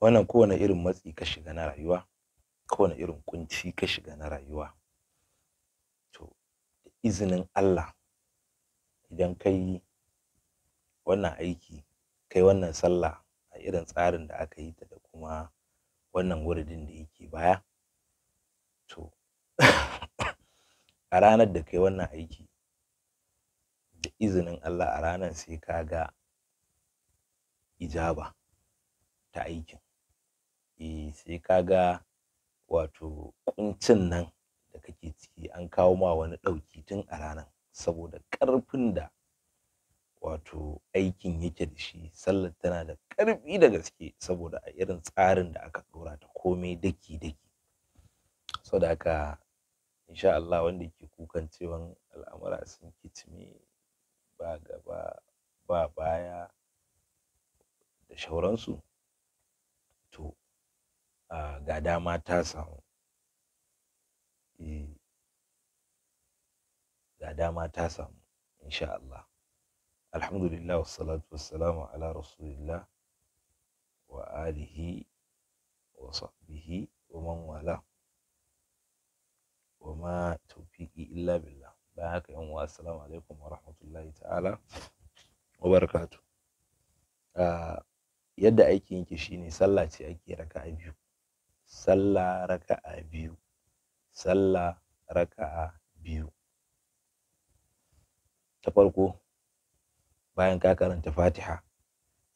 wannan kowane irin matsi ka shiga na rayuwa kowane irin kunci ka shiga na rayuwa to izinin Allah idan ka yi wannan aiki kai wannan sallah a irin tsarin da aka yi ta da kuma wannan wuridin da yake baya to a ranar da kai wannan aiki da izinin Allah a ranar sai ka ga ijaba ta aikin sai ka ga wato ƙuncin nan da kake ciki an kawo ma wani ɗauki tun a ranar saboda ƙarfin da wato aikin yake da shi sallar tana da ƙarfi da gaske saboda a irin tsarin da aka ɗora ta komai daki-daki saboda haka insha Allah wanda ke kukan cewa al'amura sun kicime ba gaba ba baya da shauransu ga dama ta samu eh, ga dama ta samu insha Allah alhamdulillah wassalatu wassalamu ala rasulillah wa alihi wa sahbihi wa man wala wa ma tawfiqi illa billah bayan haka yan wa assalamu alaikum wa rahmatullahi ta'ala wa barakatuh ah, yadda aikin yake shine sallah ce ake raka'a biyu sallah raka'a biyu sallah raka'a biyu ta farko bayan ka karanta fatiha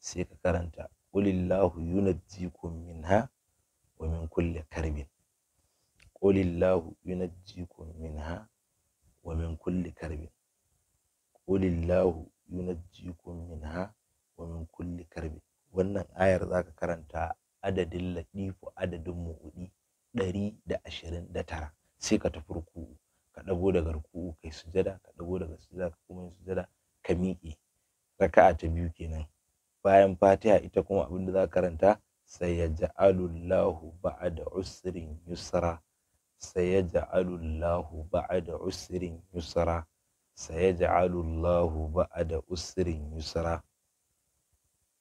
sai ka karanta qulillahu yunajjikum minha wa min kulli karbin qulillahu yunajjikum minha wa min kulli karbin qulillahu yunajjikum minha wa min kulli karbin wannan ayar zaka karanta adadin latifu adadin mu'udi ɗari da ashirin da tara sai ka tafi ruku'u ka ɗago daga ruku'u kai sujada ka ɗago daga sujada ka kuma yi sujada ka miƙe raka'a ta biyu kenan bayan fatiha ita kuma abin da za ka karanta ja'alullahu ba'da usrin yusra ja'alullahu ba'da usrin yusra ja'alullahu ba'da usrin yusra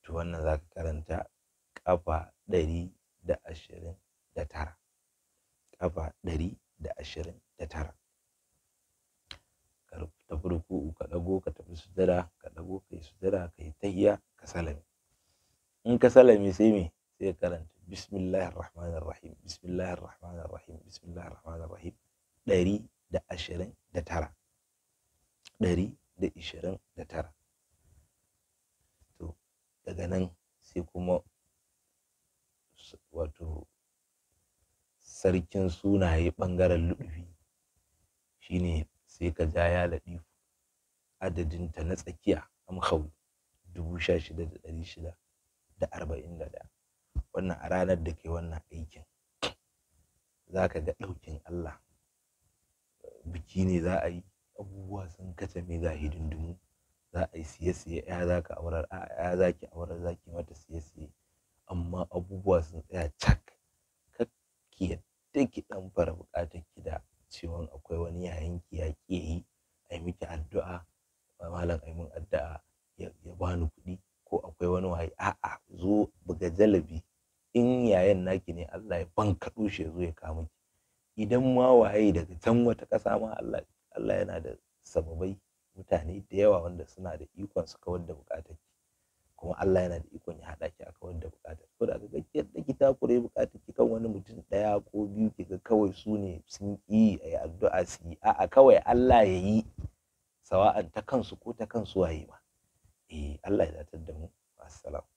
to wannan za ka karanta ƙafa ɗari da ashirin da tara ƙafa ɗari da ashirin da tara ka tafi ruku'u ka ɗago ka tafi sujada ka ɗago ka yi sujada ka yi tahiya ka salami in ka salami sai me sai karanta bismillahir rahmanir rahim bismillahir rahmanir rahim bismillahir rahmanir rahim ɗari da ashirin da tara ɗari da ashirin da tara to daga nan sai kuma sarkin sunaye ɓangaren luɗufi shine sai ka ja ya adadin adadinta na tsakiya amhau dubu sha shida da ɗari shida da arba'in da ɗaya wannan a ranar da ke wannan aikin za ka ga ɗaukin Allah biki ne za a yi abubuwa sun kace mai ga hidindimu za a yi siye-siye ya za ka aurar ya za ki aurar za ki mata siye-siye amma abubuwa sun tsaya cak sai ki dan fara bukatar ki da cewa akwai wani yayin ki ya ki yi ai miki addu'a malam ai mun addu'a ya bani kuɗi ko akwai wani waye a'a zo buga jalabi in yayan naki ne Allah ya ban shi ya zo ya kawo miki idan ma waye daga can wata ƙasa ma Allah Allah yana da sababai mutane da yawa wanda suna da ikon su kawar da bukatun kuma Allah yana da ikon ya haɗa ki a kawar da takure buƙatar ki kan wani mutum ɗaya ko biyu ki ga kawai su ne sun yi a yi addu'a su yi a'a kawai Allah ya yi sawa'an ta kansu ko ta kansu waye ma eh Allah ya zatar da mu assalamu